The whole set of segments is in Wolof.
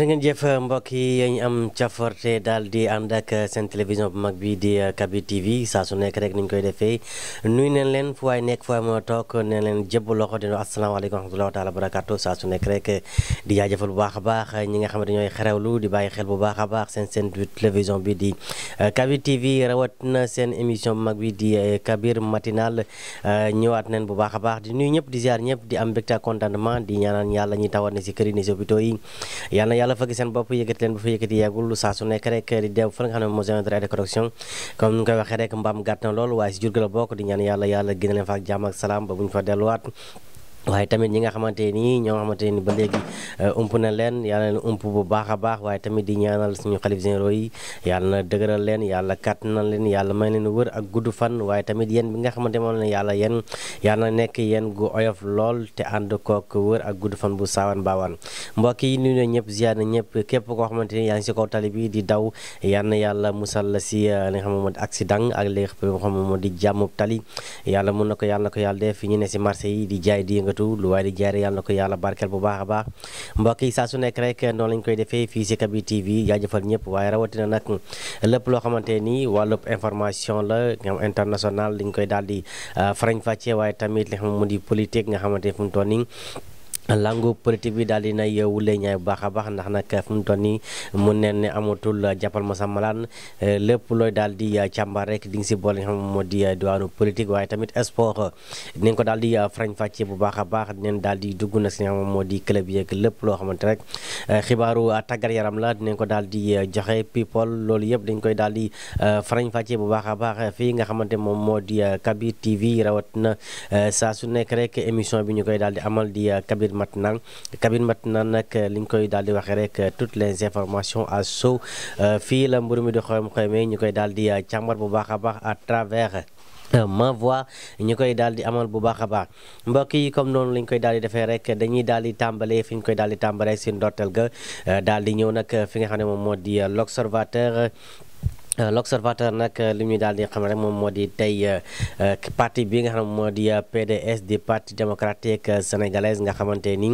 jërë ngeen jëf mbokk yi ñu am cafarte daal di ànd ak seen télévision bu mag bi di Kabir TV saa su nekk rek ni ñu koy defee nuyu neen leen fu waay nekk fu waay mën a toog neen leen jëbb loxo di nuyu asalaamaaleykum wa rahmatulah taala barakaatu saa su nekk rek di jaajëfal bu baax a baax ñi nga xam ne dañooy xerewlu di bàyyi xel bu baax a baax seen seen télévision bi di Kabir TV rawat na seen émission bu mag bi di Kabir matinal ñëwaat neen bu baax a baax di nuyu ñëpp di ziar ñëpp di am mbégte ak contentement di ñaanal yàlla ñuy tawat ne si kër yi ne si hôpitaux yi yàlla yàlla fëgg seen bopp yëkkati leen bu fa yëkkati yeegul lu saa su nekk di deew fa nga xam ne mosin de récorrection comme ni nga koy mbaam gàtt na waaye si jur gi la di ñaan yàlla yàlla génne leen fa salaam ba bu ñu fa delluwaat waaye tamit ñi nga xamante nii ñoo xamante ni ba léegi euh, ump na leen yàlla na ump bu baax a baax waaye tamit di ñaanal suñu xalif généraux yi yàlla na dëgëral leen yàlla kàttanal leen yàlla may leen wër ak gudd fan waaye tamit yéen bi nga xamante moom la yàlla yéen yàlla nekk yéen gu oyof lool te ànd kook wër ak gudd fan bu saawan baawaan mbokk yi nuyu ñëpp ziar na ñëpp képp koo xamante ni yaa ngi si kaw tali bi di daw yal na yàlla musal la si euh, li nga xam ne moo di ak li xam ne moo di jàmm tali yàlla mun na ko yàlla na ko yàlla def ñu ne si marché yi di jaay di yëngatu lu waaye di jaar yàlla na ko yàlla barkeel bu baax a baax mbokk yi saa su nekk rek noonu lañ koy defee fii si Kabir TV jaajëfal ñëpp waaye rawatina nag lépp loo xamante ni wàllub information la nga xam international dañ koy daal di ah, farañ fàccee waaye tamit li xam mu di politique nga xamante ni fu nii langu politique bi daal di nay wulee ñaay bu baax a baax ndax nag fu mu toll nii mu neen ne amatul jàppal ma sa malaan lépp looy daal di càmbar rek di nga si boole nga xam moo di diwaanu politique waaye tamit sport dinañ ko daal di farañ fàcce bu baax a baax dinañ daal di dugg nag si nga moo di club yeeg lépp loo xamante rek xibaaru tàggat yaram la dinañ ko daal di joxe people loolu yëpp dañ koy daal di farañ fàcce bu baax a baax fii nga xamante moom moo di Kabir TV rawat na saa su nekk rek émission bi ñu koy daal di amal di Kabir cabine matinale cabine matinale nag eh, li ñu koy daal di waxee rek eh, toutes les informations à chaud eh, fii la mburu mi di xoyam xoyamee ñu koy daal di càmbar bu baax a baax à travers. Mavoie ñu koy daal di amal bu baax a baax mbokk yi comme noonu lañ koy daal di defee rek dañuy daal di tàmbalee fi ñu koy daal di tàmbalee si ndorteel ga daal di ñëw nag fi nga xam ne moom moo di l'observateur Euh, l'observateur nag euh, li ñuy daal di xam rek moom moo di tey euh, parti bi nga xam moo di PDS di parti démocratique sénégalaise nga xamante ni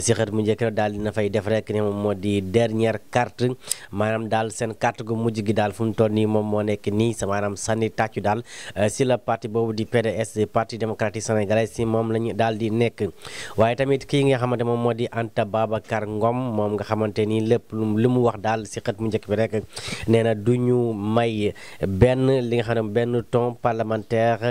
si xët mu njëkk rek daal dina fay def rek ne moom moo di dernière carte maanaam daal seen carte gu mujj gi daal fu mu toll nii moom moo nekk nii sa maanaam sànni tàccu daal si la parti boobu di PDS di parti démocratique sénégalaise si moom la ñu daal di nekk waaye tamit kii nga xamante moom moo di Anta Babacar moom nga xamante ni lépp lu mu wax daal si mu njëkk bi na may benn li nga xam ne benn ton parlementaire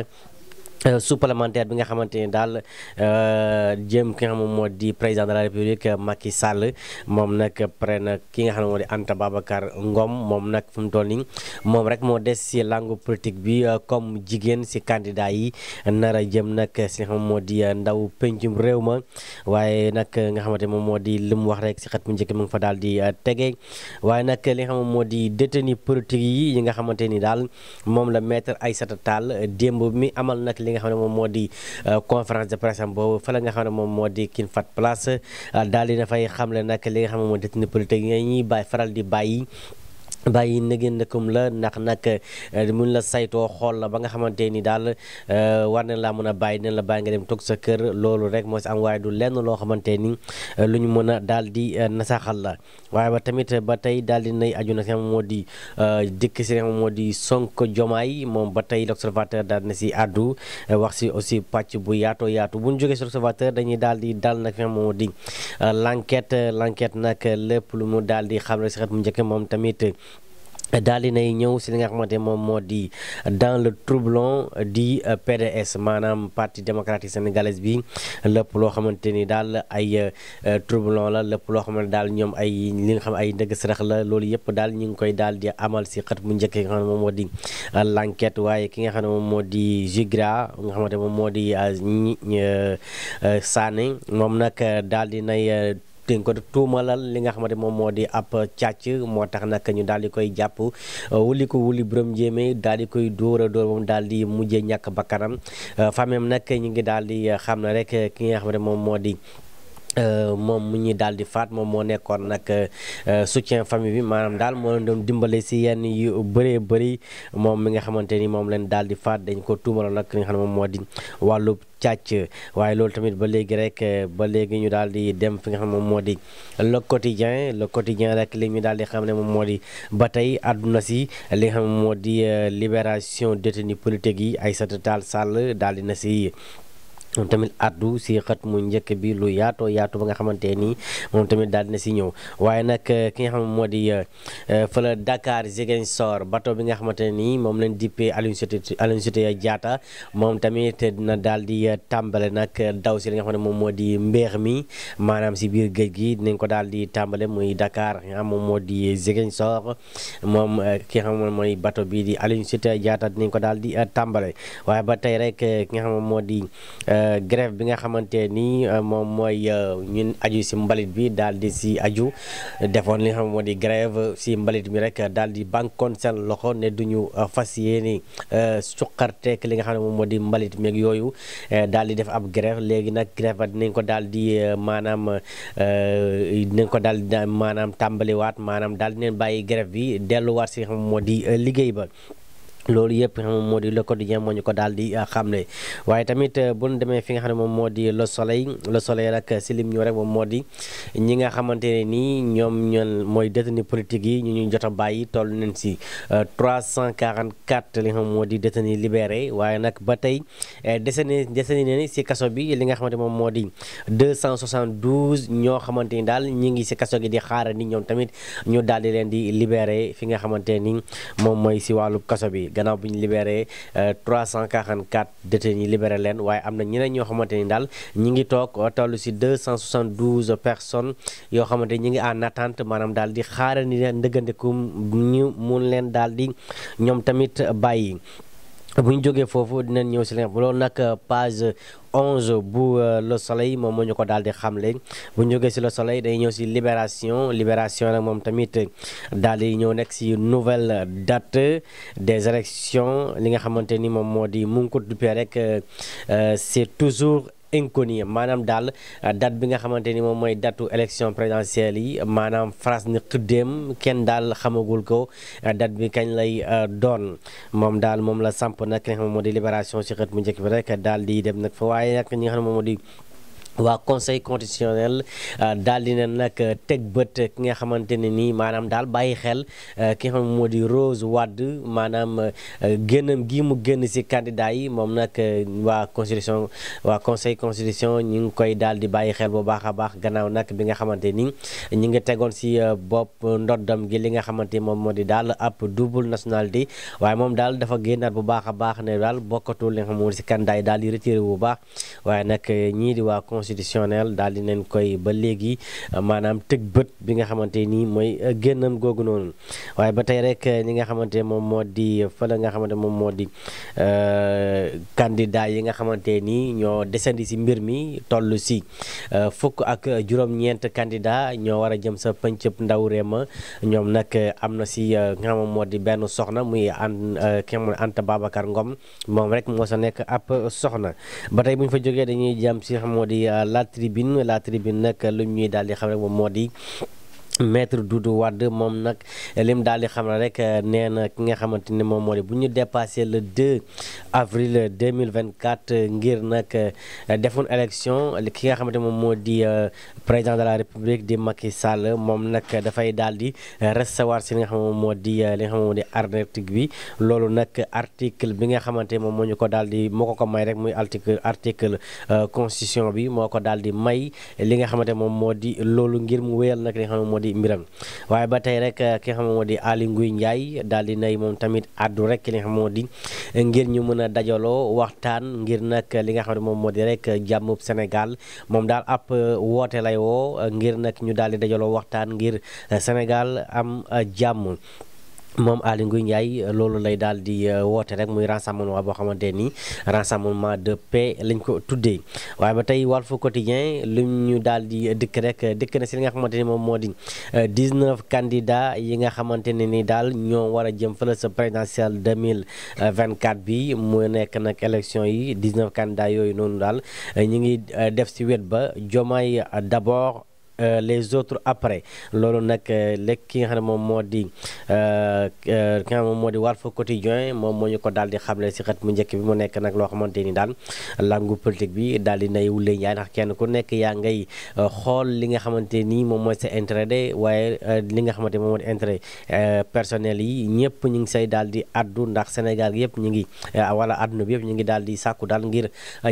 Euh, supplémentaire bi nga xamante ni daal euh, jëm ki nga moo di président de la république Macky Sall moom nag pare na ki nga xam ne moo di Anta Babacar Ngom moom nag fu mu toll moom rek moo des si langue politique bi euh, comme jigéen si candidat yi nar a jëm nag si moo di ndaw pencum réew ma waaye nag nga xamante moom moo di li wax rek si xat mu njëkk fa daal di tege waaye yi yi nga xamante ni daal moom la maître Aïssata Tall démb mi amal nag li nga xam ne moom moo di euh, conférence de presse am boobu fële nga xam ne moom moo di kin fat place euh, daal dina fay xamle nag li nga xam ne moo détenu politique yi ñuy bàyyi faral di yi bàyyi nëgën nëkkum la ndax nag eh, mun la saytoo xool la ba nga xamante ni daal eh, war na laa mën a bàyyi dina la bàyyi nga dem toog sa kër loolu rek moo si am waaye du lenn loo xamante ni eh, lu ñu mën a daal di nasaxal la waaye ba tamit ba tey daal di nay aju na si moo di dikk si nga moo di Sonko Jomaay moom ba tey l'observateur daal na si àddu wax si aussi pàcc bu yaatoo yaatu bu ñu jógee si l'observateur dañuy daal di daal nag fi di l'enquête l'enquête nag lépp lu mu daal di xam rek si mu njëkk moom tamit daal di nay ñëw si li nga xamante moom moo di dans le troublon di PDS maanaam parti démocratique sénégalaise bi lépp loo xamante ni daal ay euh, troublon la lépp loo xamante daal ñoom ay li nga xam ay ndëgg sarax la loolu yëpp daal ñu ngi koy daal di amal si xët bu njëkk nga xam moom moo di euh, l'enquête waaye ki nga xam ne moom moo di Jigra nga xamante moom moo di euh, Sané moom nag daal di nay. dañ ko tuumalal li nga xamante moom moo di ab càcc moo tax nag ñu daal di koy jàpp uh, wuli ko wuli Birame Ndiémé daal di koy dóor a dóor moom daal di mujjee ñàkk bakkanam uh, fameem nag ñu ngi daal di uh, xam ne rek ki nga xamante moom moo di Euh, moom mu ñuy daal di faat moom moo nekkoon nag euh, soutien famille bi maanaam daal moo leen doon dimbale si yenn yu bëree bëri moom mi nga xamante ni moom leen daal di faat dañ ko tuumaloon nag li nga xam ne moom moo di wàllu càcc waaye loolu tamit ba léegi rek euh, ba léegi ñu daal di dem fi nga xam moom moo di le quotidien le quotidien rek li ñu daal di xam ne moom moo di ba tey àdduna si li nga xam ne moo di libération détenu politique yi Aïssata Tall Sall daal di na si moom tamit addu si xët mu njëkk bi lu yaatoo yaatu ba nga xamante nii moom tamit daal dina si ñëw waaye nag eh, ki xam moo di eh, eh, fële Dakar Ziguinchor bateau bi nga xamante nii moom lañ dippee Aline Sitoé Aline Sitoé moom tamit dina daal di tàmbale nag daw si li nga xam ne moom moo di mbeex mi maanaam si biir géej gi dinañ ko daal di tàmbale muy dakaar nga moom moo di Ziguinchor moom ki nga mooy bateau bii di Aline Sitoé dinañ ko daal di tàmbale waaye ba tey rek ki nga xam moo di Euh, grève bi nga xamante nii euh, moom mooy euh, ñun aju si mbalit bi daal di si aju defoon li nga xam moo di grève si mbalit bi rek daal di bànkoon seen loxo ne duñu fas yéene suqarteek li nga xam ne moom moo di mbalit meeg yooyu daal di def ab grève léegi nag grève ba dinañ ko daal di maanaam dinañ ko daal di maanaam tàmbaliwaat maanaam daal dinañ bàyyi grève bi delluwaat si nga xam moo di liggéey ba loolu yëpp moo di le quotidien moo ñu ko daal di ah, xamle waaye tamit eh, bu ñu demee fi nga xam ne moom moo di le soleil le soleil rek si lim ñu rek moom moo di ñi nga xamante ne nii ñoom ñoon mooy détenu politique yi ñu ñu jot a bàyyi toll nañ si 344 eh, li nga xam moo di détenu libéré waaye nag ba tey eh, deseni deseni ne si kaso bi li nga xamante moom moo di 272 ñoo xamante ni daal ñi ngi si kaso gi di xaaral ni ñoom tamit ñu daal di leen di libéré fi nga xamante ni moom mooy si wàllu kaso bi gannaaw bi ñu libéré 344 euh, détenus libéré leen waaye am na ñeneen ñoo xamante ni euh, yoo xamante ñi ngi en attente maanaam daal di xaarandi ndëggandikum ñu mun leen daal di ñoom tamit bàyyi bu ñu jógee foofu dinañ ñëw si leen loolu nag euh, page 11 bu euh, Le Soleil moom moo ñu ko daal di xamle bu ñu jógee si Le Soleil day ñëw si Libération Libération nag moom tamit daal di ñëw nekk si nouvelle date des élections li nga xamante ni moom moo di mu ngi ko duppee rek euh, euh, c'est toujours inconnu maanaam daal euh, dat bi nga xamante ni moom mooy datu élection présidentielle yi maanaam France ni xëddéem kenn daal xamagul ko euh, date bi kañ lay euh, doon moom daal moom la samp nag li nga xam moo di libération ci xët mu njëkk bi rek daal di dem nag fa waaye nag ñi nga xam ne moom moo di waa conseil constitutionnel euh, daal di ne nag euh, teg bët ki nga xamante ne nii maanaam daal bàyyi xel euh, ki nga xam moo di Rose Wade maanaam génnam gi mu génn si candidat yi moom nag waa constitution waa conseil constitution ñu ngi koy daal di bàyyi xel bu baax a baax gannaaw nag bi nga xamante ni ñu ngi tegoon si bopp ndoddam gi li nga xamante ni moom moo di daal ab double nationalité waaye moom daal dafa génnaat bu baax a baax ne daal bokkatul li nga xam moo di si candidat yi daal di retiré bu baax waaye nag ñii di waa constitutionnel daal di neen koy ba léegi maanaam tëg bët bi nga xamante nii mooy euh, génnam googu noonu waaye ba tey rek euh, ñi nga xamante moom moo di euh, fële nga xamante moom moo di candidat yi nga xamante nii ñoo desandi si mbir mi toll si fukk ak juróom-ñeent ñoo war a jëm sa pëncëb ndaw réema ñoom nag am na si nga xam moo di benn soxna muy an ki nga xam Ngom moom rek moo sa nekk ab soxna ba tey bu fa jógee dañuy jëm si xam moo la tribune la tribune nag lu ñuy daal di xam rek moom moo di maître Doudou Wade moom nag lim daal di xam rek euh, nee na ki nga xamante ni moom moo di bu ñu dépassé le 2 avril 2024 ngir nag euh, defoon élection ki nga xamante moom moo di euh, président de la république di Macky Sall moom nag dafay daal di recevoir si li nga xam moo di li xam moo di bi loolu nag article bi nga xamante moom moo ko daal di moo ko may rek muy article article constitution bi moo ko di mbiram waaye ba tey rek ki nga xam moo di Aly nguy Ndiaye daal di nay moom tamit addu rek li nga xam moo di ngir ñu mën a dajaloo waxtaan ngir nag li nga xam ne moom moo di rek jàmmub Sénégal moom daal ab euh, woote lay woo ngir nag ñu daal di dajaloo waxtaan ngir euh, Sénégal am euh, jàmm. moom Aly Ngouille Ndiaye loolu lay daal di euh, woote rek muy rassemblement boo xamante ni rassemblement de paix lañ ko tuddee waaye ba tey Walf Quotidien lu ñu daal di dikk rek dikk na si li nga xamante ni moom moo di 19 euh, candidats yi nga xamante ne ni daal ñoo war a jëm fële sa présidentielle 2024 bi mu nekk nag élection yi 19 candidats yooyu noonu daal euh, ñu ngi def si wet ba Diomaye d'abord Euh, les autres après loolu nag euh, lekk ki nga xam ne moom moo di euh, ki nga xam moom moo di Walf Quotidien moom moo ñu ko daal di xamle si xet mu njëkk bi mu nekk nag loo xamante ni daal langu politique bi daal di nay wulee njaay ndax kenn ku nekk yaa ngay xool li nga xamante ni moom mooy sa intérêt de waaye li nga xamante moom moo di intérêt personnel yi ñëpp ñu ngi say daal di addu ndax Sénégal yëpp ñu ngi wala adduna bi yëpp ñu ngi daal di sàkku daal ngir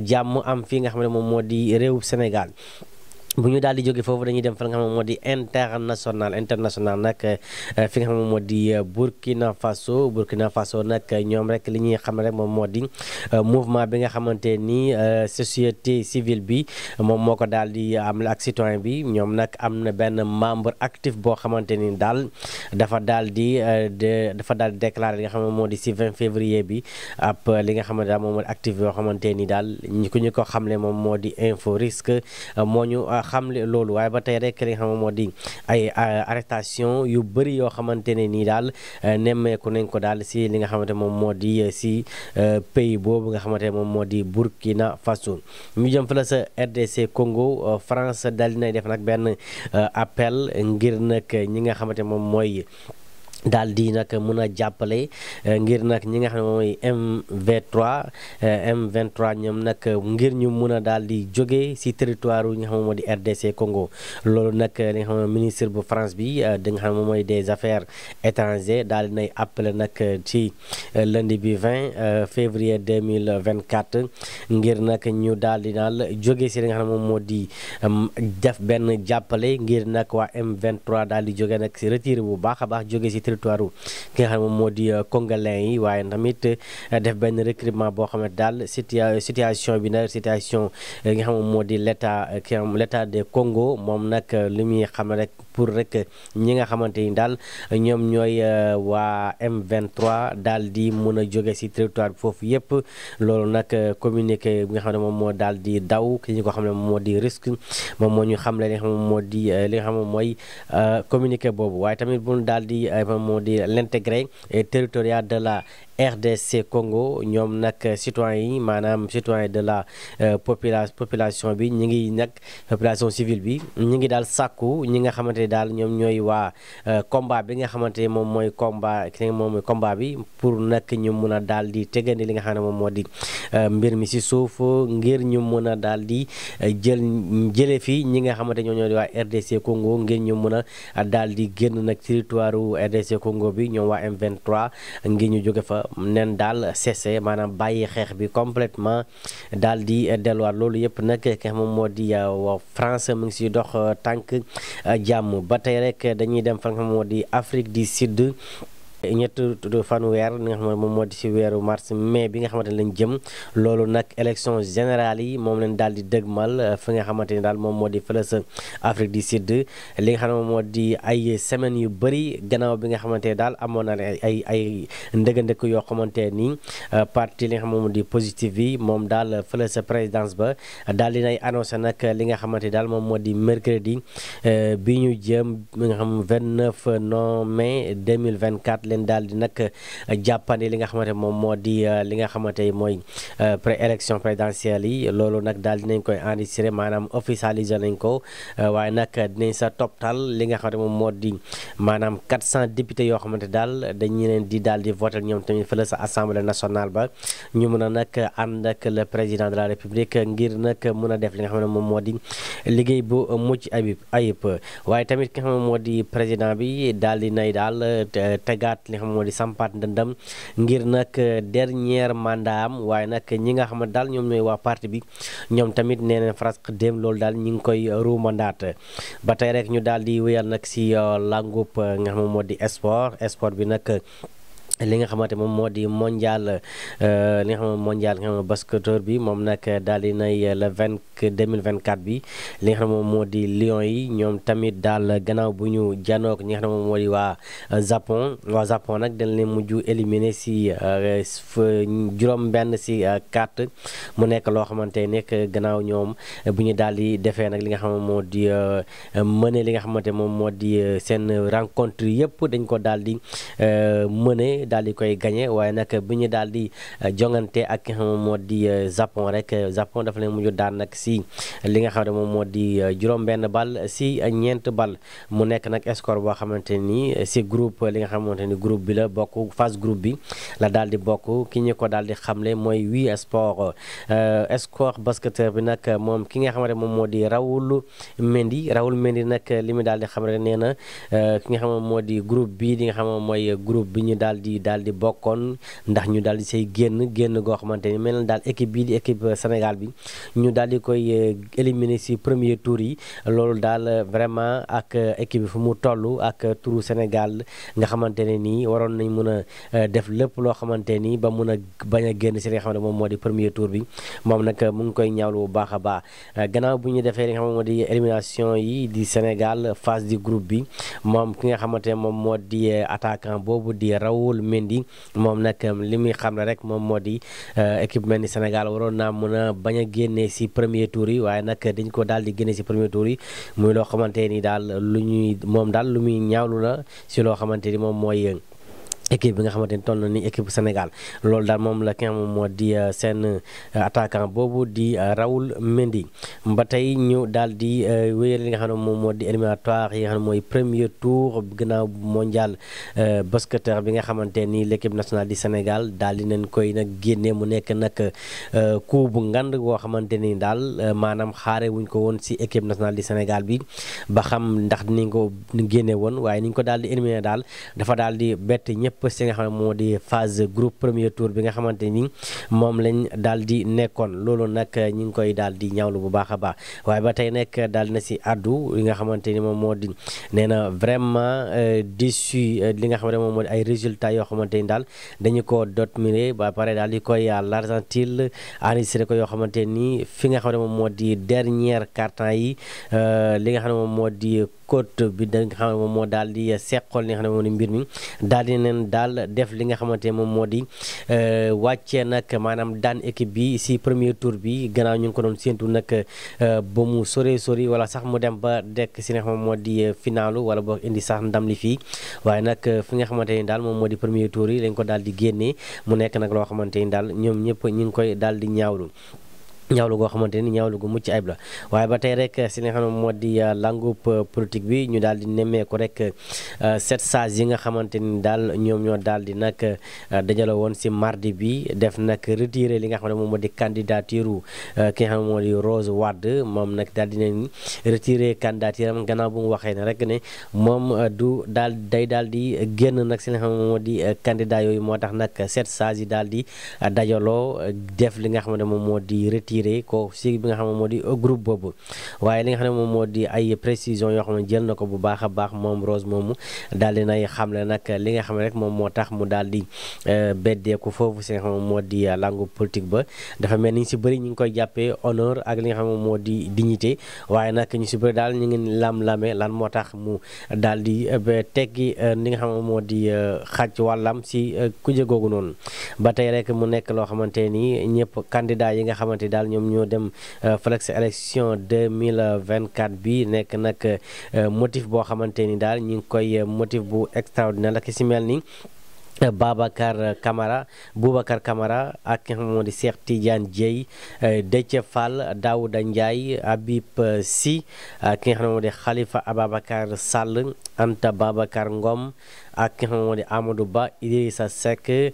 jàmm am fii nga xam ne moom moo di réew Sénégal bu ñu daal di jóge foofu dañuy dem fa nga xam ne moo di international international nag euh, fi nga xam ne moo di euh, Burkina Faso Burkina Faso nag euh, ñoom rek li ñuy xam rek moom moo di mouvement bi nga xamante ni société civile bi moom moo ko daal di am ak bi ñoom nag am na benn membre actif boo xamante ni daal dafa daal di dafa daal di déclaré li nga xam moo di si 20 bi ab li xamante daal moom moo di actif ni daal ñu ko xamle moom moo di info risque moo ñu xamle loolu waaye ba tey rek li nga xam moo di ay arrestation yu bëri yoo xamante ne nii daal euh, nemmeeku nañ ko daal si li nga xamante moom moo di euh, si euh, pays boobu nga xamante moom moo di Burkina Faso ñu jëm fa la sa RDC Congo France daal dinay def nag benn appel ngir nag ñi nga xamante moom mooy daal di nag mën a jàppale eh, ngir nag ñi nga xam ne mooy M23 eh, M23 ñoom nag ngir ñu mën a daal di jóge si territoire yi nga xam moo di RDC Congo loolu nag li nga xam ne ministre bu France bi eh, di nga xam ne mooy des affaires étrangères daal di nay appelé nag ci lundi bi 20 février 2024 ngir nag ñu daal di daal jóge si li xam moom moo di mm, def benn jàppale ngir nag waa M23 daal di jóge nag si retiré bu baax a baax jóge si territoire ki nga moo di euh, congolais yi waaye tamit euh, def benn recrutement boo xam ne daal situation bi nag situation euh, nga xam moom moo di l' état ki am de Congo moom nag li muy xam rek pour rek ñi nga xamante ni daal ñoom ñooy waa M23 daal di mën a joge si territoire foofu yëpp loolu nag communique bi nga xam ne moom moo daal di daw ki ñu ko xam ne moom moo di risque moom moo ñu xam le moo di li nga moom mooy communiqué boobu waaye tamit bu daal di moo di l'intégrer euh, territorial de la RDC Congo ñoom nag citoyens yi maanaam citoyens de la euh, popula population bi ñu ngi nag population civile bi ñu ngi daal sàkku ñi nga xamante ne daal ñoom ñooy waa euh, combat bi nga xamante ne moom mooy combat ki moom mooy combat bi pour nag ñu mun a dal di tegandi li nga xam ne moom moo di euh, mbir mi si suuf ngir ñu mun a daal di jël jële fi ñi nga xamante ñoo ñoo di waa RDC Congo ngir ñu mun a daal di génn nag territoire RDC Congo bi ñoom waa m ngir ñu jóge fa nen daal cessé maanaam bàyyi xeex bi complètement daal di delluwaat loolu yëpp nag ke moom moo di euh, waa France mu ngi si dox euh, tànk euh, jàmm ba tey rek dañuy dem fa nga xam moo di Afrique di sidd ñett fanweer li nga xam ne moom moo di si weeru mars mai bi nga xamante lañ jëm loolu nag élection générale yi moom leen daal di dëgmal euh, fi nga xamante ni daal moom moo di fële sa Afrique di Sud li nga xam ne moom moo di yu bëri gannaaw bi nga xamante ne daal amoon na ay ay ndëgandëkk yoo xamante ni euh, parti li nga xam ne di positif bi moom dal fële sa présidence ba daal di nay annoncé nag li nga xamante ni daal moom moo di mercredi euh, bi ñu jëm bi nga xam 29 mai leen daal di nag euh, jàppandi li nga xamante moom moo di euh, li nga xamante mooy euh, pré élection présidentielle yi loolu nag daal dinañ koy enregistré maanaam officialisé nañ ko waaye nag dinañ sa toptal li nga xamante moom moo di maanaam 400 députés yoo xamante daal dañu leen di daal di voter ñoom tamit fële sa assemblée nationale ba ñu mun a nag ànd ak le président de la république ngir nag mun a def li nga xam ne moom moo di liggéey bu mucc ayib ayib waaye tamit ki bi daal di nay daal fàttaliwaat li nga xam moo di sampaat ndëndam ngir nag euh, dernier mandat am waaye nag ñi nga xam ne daal ñoom ñooy waa parti bi ñoom tamit nee nañ Frasque dem loolu daal ñi ngi koy ruumandaat ba tey rek ñu daal di wéyal nag si euh, langup euh, nga xam moo di sport sport bi nag. li nga xamante moom moo di mondial euh, li nga mondial nga xam basketteur bi moom nag daal di nay vingt deux mille vingt quatre bi li xam moom moo di Lions yi ñoom tamit daal gannaaw bu ñu janook ñi nga moom moo di waa euh, Japon waa Japon nag dañ leen mujj éliminer si euh, juróom si quatre mu nekk loo xamante nekk gannaaw ñoom bu ñu daal di defee nag li nga xam moo di mëne li nga xamante moom moo di seen rencontre yëpp dañ ko daal di mëne. daal di koy gagné waaye nag bi ñu daal di euh, jongante ak nga xam moo di euh, Japon rek euh, Japon dafa leen mujj daan nag si li nga xam ne moom moo di juróom-benn bal si ñeent bal mu nekk nag score boo xamante nii si groupe li nga xamante ni groupe bi la bokk phase groupe bi la daal di bokk ki ñu ko daal di xamle mooy wii sport score basketteur bi nag moom ki nga xamante moom moo di Raoul Mendy Raoul Mendy nag li mu daal di xam rek nee na ki nga xam moo di groupe bi li nga xam mooy group bi ñu daal di yi daal di bokkoon ndax ñu daal di say génn génn goo xamante ni mel na daal équipe bii di équipe euh, Sénégal bi ñu daal di koy euh, éliminer si premier tour yi loolu daal euh, vraiment ak équipe bi fu mu toll ak turu Sénégal nga xamante ne nii waroon nañ mun a def lépp loo xamante ni ba mun a bañ a génn si li nga xam ne moom moo di premier tour bi moom nag mu ngi koy ñaawlu bu baax a baax gannaaw bu ñu defee li nga xam ne moo di élimination yi di Sénégal phase du groupe bi moom ki nga xamante ne moom moo di Mendy moom nag um, li muy xam ne rek moom moo di uh, équipe mel ni Sénégal waroon naa mën a bañ a génne si premier tour yi waaye nag dañ ko daal di génne si premier tour yi muy loo xamante ni daal lu ñuy moom daal lu muy ñaawlu la si loo xamante ni moom mooy équipe bi nga xamante ni toll na ni équipe Sénégal loolu daal moom la ki nga xam moo di euh, seen euh, attaquant boobu di euh, rawul Mendy ba tey ñu daal di wéyal li nga xam ne moom moo di éliminatoire yi nga xam mooy premier tour gannaaw mondial basketteur bi nga xamante ni l' équipe nationale du Sénégal daal di neen koy nag génnee mu nekk nag coup bu ngand boo xamante ni daal maanaam xaare wuñ ko woon si équipe nationale di Sénégal bi ba xam ndax ni ko génnee woon waaye ni ñu ko daal di éliminé daal dafa daal di bett ñëpp. poste nga xam ne moo di phase groupe premier tour bi nga xamante ni moom lañ daal di nekkoon loolu nag ñi ngi koy daal di ñawlu bu baax a baax waaye ba tey nag daal na si addu li nga xamante ni moom moo di nee na vraiment euh, déçu euh, li nga xam ne moom moo ay résultats yoo xamante ni daal dañu ko dot mire ba pare daal di koy euh, l'argentil enregistré ko yoo xamante ni fi nga xam ne moom moo di dernière carton yi li nga xam ne moom moo di côte bi da nga moom moo daal di seqool li nga xam ne moom ni mbir mi daal di neen daal def li nga xamante ne moom moo di euh, wàccee nag maanaam daan équipe bi si premier tour bi gannaaw ñu ngi ko doon séentu nag euh, ba mu sore sori wala sax mu dem ba dekk si nga xam moo di euh, finalu wala boo indi sax ndam li fii waaye nag fi nga xamante ni daal moom moo di premier tour yi lañ ko daal di génnee mu nekk nag loo xamante ni daal ñoom ñëpp ñu ngi koy daal di ñaawlu ñaawlu goo xamante ni ñaawlu gu mucc ayib la waaye ba tey rek si li nga xam ne moo di euh, langub euh, politique bi ñu daal di nemmeeku rek euh, sept sages yi nga xamante ni daal ñoom ñoo daal di nag dajale woon si mardi bi def nag retiré li nga xam ne moom moo di candidature ki nga xam ne moo moom nag di nañ retiré candidature am gannaaw bu mu waxee ne rek ne moom du daal day daal di génn nag si li nga xam moom di candidat yooyu moo tax nag set sages yi daal di dajaloo def li nga xam ne moom di retiré retiré ko si bi nga xam moo di groupe boobu waaye li nga xam ne moom moo di ay précision yoo xam jël na ko bu baax baax moom moomu daal di nay xamle nga xam ne moom moo tax mu daal di euh, beddeeku foofu si nga moo di euh, langue politique ba dafa ni si bëri ñu ngi koy jàppee honneur ak li nga xam ne moo di dignité waaye nag ñu si bëri daal ñu ngi lam-lame lan moo tax mu daal di euh, teggi li nga xam ne moo di xaj wàllam si kuje googu noonu ba tey rek mu nekk loo xamante ni ñëpp candidat yi nga xamante daal ñoom ñoo dem euh, fële mille élection 2024 bi nekk nag euh, motif boo xamante ni daal ñu ngi koy euh, motif bu extraordinaire ak si mel ni Babacar Camara Boubacar kamara ak ki nga xam moo di Cheikh Tidiane Dieye eh, Déthié Fall Daouda Ndiaye ak nga xam Khalifa Ababacar Sall Anta Babacar Ngom ak nga xam moo di Amadou Ba Idrissa Seck eh,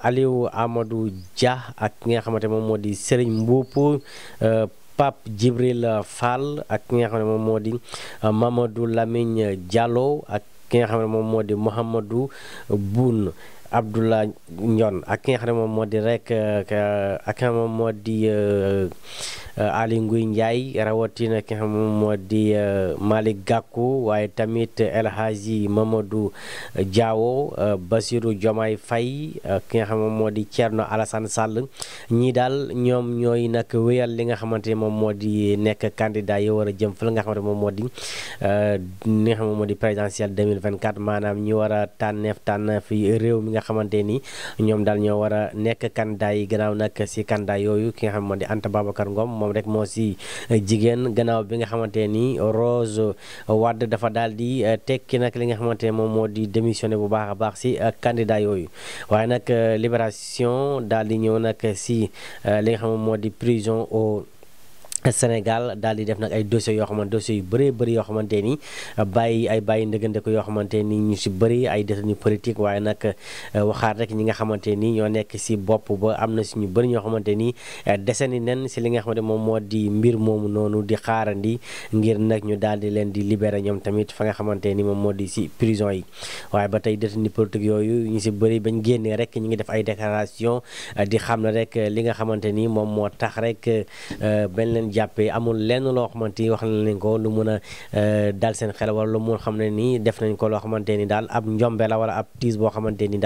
Aliou Amadou ak nga xamante moom di Serigne Mboup eh, Pape Djibril Fall ak nga xam ne di Mamadou Lamine Diallo ki nga xam ne moom moo di Mouhamadou Boun Abdoulaye Ndione ak ki nga xam moom moo di rek euh, ak nga moom moo di euh, euh, Aly Ngouille Ndiaye rawatina ki nga xam moom moo di Malick gàkku waaye tamit El Hadji Mamadou Diawo Bassirou Diomaye Faye ki nga xam moom moo di Thierno Alassane sàll ñii daal ñoom ñooy nag wéyal li nga xamante ni moom moo di nekk candidat yi war a jëm fële nga xamante moom moo di li nga xam moom moo di présidentielle 2024 maanaam ñi war a tànneef tànneef réew mi nga xamante ni ñoom daal ñoo war a nekk candidat yi gannaaw nag si candidat yooyu ki nga xam moo di Anta Babacar Ngom moom rek moo si eh, jigéen gannaaw bi nga xamante ni Rose Wade dafa daal di eh, tekki nag li nga xamante ne moom moo di démissionné bu baax a baax si eh, candidat yooyu waaye nag libération daal di ñëw nag si li nga xam moo di prison au Sénégal daal di def nag ay dossiers yoo xamante dossiers yu bëree bëri yoo xamante ni bàyyi ay bàyyi ndëgënde ko yoo xamante ni ñu si bëri ay détenus politique waaye nag euh, waxaat rek ñi nga xamante ni ñoo nekk si bopp ba am na si ñu bëri ñoo xamante ni euh, deseni nen si li nga xamante moom moo di mbir moomu noonu di xaarandi ngir nag ñu daal di leen di libéré ñoom tamit fa nga xamante ni moom moo di si prison yi waaye ba tey détenus politique yooyu ñu si bëri bañ génnee rek ñu ngi def ay déclaration euh, di xam ne rek li nga xamante ni moom moo tax rek bañ leen leen jàppee amul lenn loo xamante ni wax na a euh, dal la wala ab tiis boo xamante a la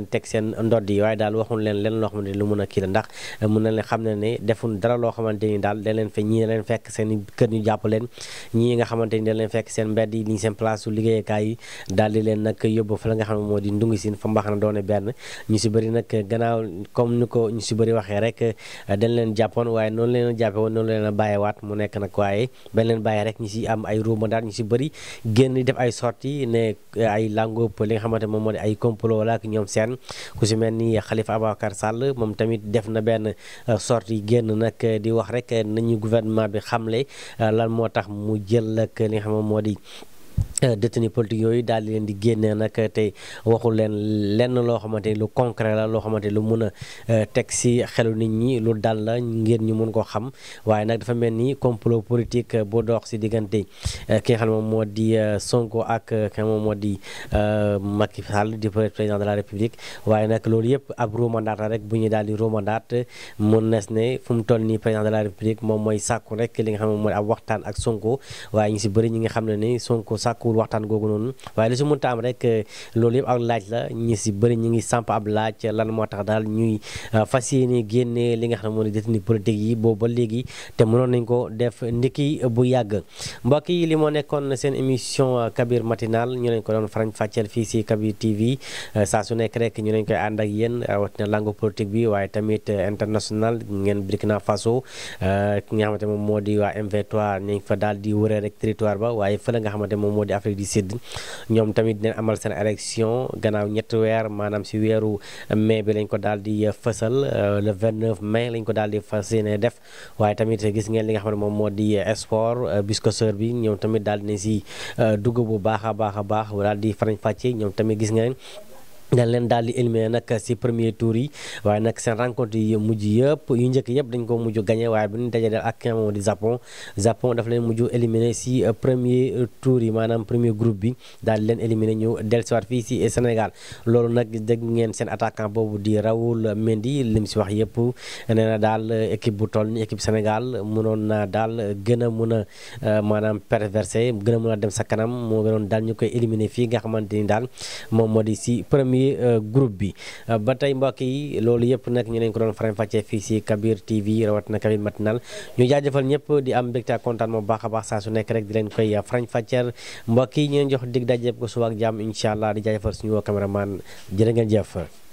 ndax euh, da leen fe ñii leen fekk jàpp leen ñii nga xamante ni da fekk seen mbedd yi nii seen place su liggéeykaay di leen nag yóbbu fa la nga xam ne moo di ndungi siin fa mbax na doone benn ñu si bëri nag gannaaw comme ni ko ñu si bëri waxee rek euh, dañ leen jàppoon waaye noonu leen jàppe woon noonu leen a bàyyiwaat mu nekk nag waaye bañ leen bàyyi rek ñi si am ay ruuma daal ñu si bëri génn di def ay sortie ne eh, ay langoop li nga xamante moom moo di ay complot la ñoom seen ku si mel ni Khalifa Ababacar Sall moom tamit def na benn eh, sortie génn nag di wax rek nañu gouvernement bi xamle eh, lan moo tax mu jël ak li nga xam moo di Euh, détenu politique yooyu daal di leen di génnee nag tey waxul lenn loo xamante ni lu concret la loo xamante ni lu mun a euh, teg si xelu nit ñi lu dal la ngeen ñu mën ko xam waaye nag dafa mel ni complot politique boo dox si diggante euh, ki nga xam ne moom moo di Sonko ak ki moo di Macky Sall di président de la République waaye nag loolu yëpp ab romandaat la rek bu ñuy daal di romandaat mun nees ne fu mu toll nii président de la République moom mooy sàkku rek li nga xam ne mooy ab waxtaan ak Sonko waaye ñu si bëri ñi nga xam ne ni Sonko sàkku yàquwul waxtaan googu noonu waaye li si mun taam rek eh, loolu yëpp ak laaj la ñi si bëri ñu ngi samp ab laaj eh, lan moo tax daal ñuy eh, fas yéene génnee li nga xam ne moo di détenu politique yi boobu ba léegi te mënoon nañ ko def ndiki bu yàgg mbokk yi li moo nekkoon seen émission Kabir matinal ñu leen ko doon farañ fàcceel fii si Kabir TV saa su nekk rek ñu leen koy ànd ak yéen rawatina langue politique bi waaye tamit international ngeen Burkina Faso ki nga moom moo di waa mv ñu fa daal di wëree rek territoire ba waaye fële nga xamante moom moo di Afrique du Sud ñoom tamit dinañ amal seen élection gannaaw ñetti weer maanaam si weeru mai bi lañ ko daal di fësal euh, le 29 mai lañ ko daal di fas yéene def waaye tamit gis ngeen li nga xam ne moom moo di sport euh, biscoseur bi ñoom tamit daal dinañ si euh, dugg bu baax a baax a baax daal di farañ fàcce ñoom tamit gis ngeen dañ leen daal di éliminé nag si premier tour yi waaye nag seen rencontre yi mujj yëpp yu njëkk yëpp dañ ko mujj gagné waaye bu ñu dajee daal ak moom di Japon Japon daf leen mujj éliminé si euh, premier tour yi maanaam premier groupe bi daal di leen éliminé ñu dellusiwaat fii si Sénégal loolu nag dégg ngeen seen attaquant boobu di Raoul Mendy lim si wax yëpp nee na daal équipe bu toll ni équipe Sénégal mënoon naa daal gën a mun a euh, maanaam perversé gën a mun a dem sa kanam moo daal ñu koy éliminé fii nga xamante daal muy euh, groupe bi euh, ba tey mbokk loolu yëpp nag ñu leen ko doon faram-fàccee fii si Kabir TV rawat na Kabir matinal ñu jaajëfal ñëpp di am mbégte ak kontaan moom baax a baax saa su nekk rek di leen koy euh, faram-fàcceel yi ñu leen jox dig dajeeb ko suba ak jàmm incha allah di jaajëfal suñu woo caméraman jërë ngeen jëf